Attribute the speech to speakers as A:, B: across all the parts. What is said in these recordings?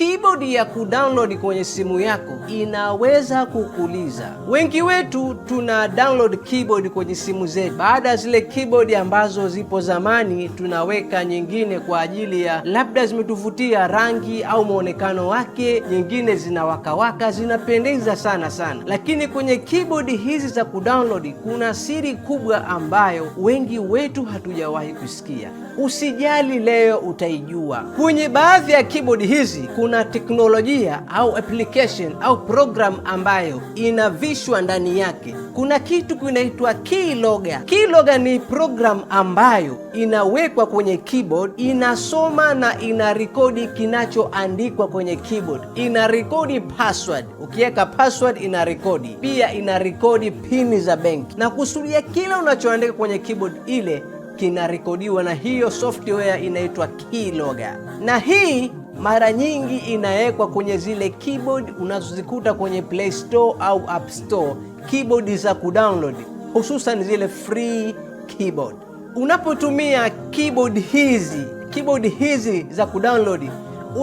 A: Keyboard ya kudownload kwenye simu yako inaweza kukuliza. Wengi wetu tuna download keyboard kwenye simu zetu. Baada ya zile keyboard ambazo zipo zamani, tunaweka nyingine kwa ajili ya labda zimetuvutia rangi au mwonekano wake, nyingine zinawakawaka, zinapendeza sana sana. Lakini kwenye keyboard hizi za kudownload kuna siri kubwa ambayo wengi wetu hatujawahi kusikia. Usijali, leo utaijua. Kwenye baadhi ya keyboard hizi kuna kuna teknolojia au application au program ambayo inavishwa ndani yake, kuna kitu kinaitwa keylogger. Keylogger ni program ambayo inawekwa kwenye keyboard, inasoma na ina rekodi kinachoandikwa kwenye keyboard, ina rekodi password. Ukiweka password ina rekodi pia, ina rekodi pini za benki na kusudia, kila unachoandika kwenye keyboard ile kinarekodiwa na hiyo software inaitwa keylogger, na hii mara nyingi inawekwa kwenye zile keyboard unazozikuta kwenye Play Store au App Store, keyboard za kudownload, hususan zile free keyboard. Unapotumia keyboard hizi keyboard hizi za kudownload,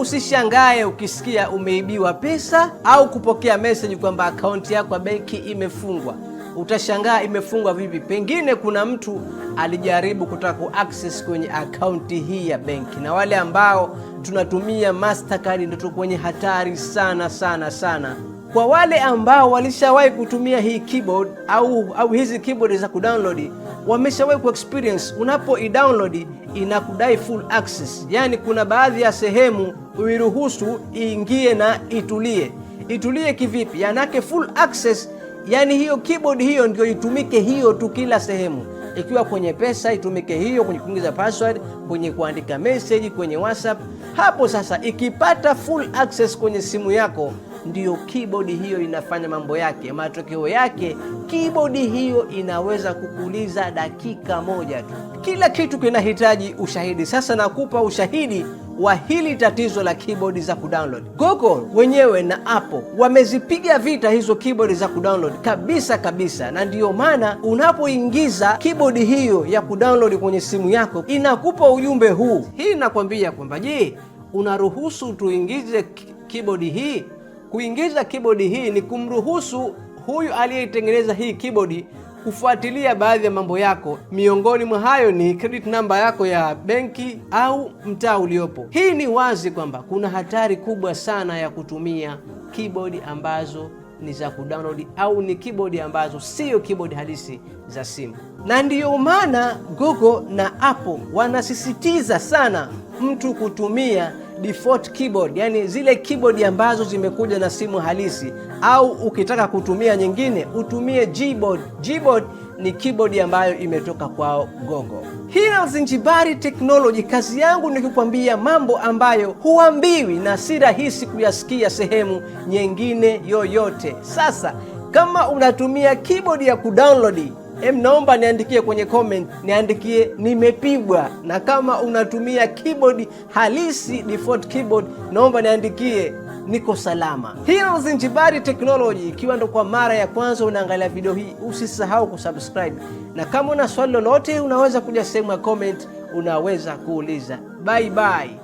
A: usishangae ukisikia umeibiwa pesa au kupokea message kwamba akaunti yako ya benki imefungwa utashangaa imefungwa vipi. Pengine kuna mtu alijaribu kutaka access kwenye akaunti hii ya benki, na wale ambao tunatumia Mastercard ndio tuko kwenye hatari sana sana sana. Kwa wale ambao walishawahi kutumia hii keyboard au, au hizi keyboard za kudownload wameshawahi ku experience, unapo i download inakudai full access, yaani kuna baadhi ya sehemu uiruhusu iingie na itulie. Itulie kivipi? Yanake full access yani hiyo keyboard hiyo ndio itumike hiyo tu kila sehemu, ikiwa kwenye pesa itumike hiyo, kwenye kuingiza password, kwenye kuandika message, kwenye WhatsApp. Hapo sasa ikipata full access kwenye simu yako ndiyo kibodi hiyo inafanya mambo yake. Matokeo yake kibodi hiyo inaweza kukuliza dakika moja tu. Kila kitu kinahitaji ushahidi. Sasa nakupa ushahidi wa hili tatizo la kibodi za kudownload. Google wenyewe na Apple wamezipiga vita hizo kibodi za kudownload kabisa kabisa, na ndiyo maana unapoingiza kibodi hiyo ya kudownload kwenye simu yako inakupa ujumbe huu. Hii inakwambia kwamba je, unaruhusu tuingize kibodi hii Kuingiza kibodi hii ni kumruhusu huyu aliyeitengeneza hii kibodi kufuatilia baadhi ya mambo yako. Miongoni mwa hayo ni credit namba yako ya benki au mtaa uliopo. Hii ni wazi kwamba kuna hatari kubwa sana ya kutumia kibodi ambazo ni za kudownload au ni kibodi ambazo sio kibodi halisi za simu, na ndiyo maana Google na Apple wanasisitiza sana mtu kutumia default keyboard, yani zile keyboard ambazo zimekuja na simu halisi, au ukitaka kutumia nyingine utumie Gboard. Gboard ni keyboard ambayo imetoka kwao Google. Hii zinjibari Alzenjbary Technology, kazi yangu ni kukwambia mambo ambayo huambiwi na si rahisi kuyasikia sehemu nyingine yoyote. Sasa kama unatumia keyboard ya kudownload Em, naomba niandikie kwenye comment, niandikie nimepigwa, na kama unatumia keyboard halisi default keyboard, naomba niandikie niko salama. Hii ni Alzenjbary Technology. Ikiwa ndo kwa mara ya kwanza unaangalia video hii, usisahau kusubscribe, na kama una swali lolote, unaweza kuja sehemu ya comment, unaweza kuuliza. Bye bye.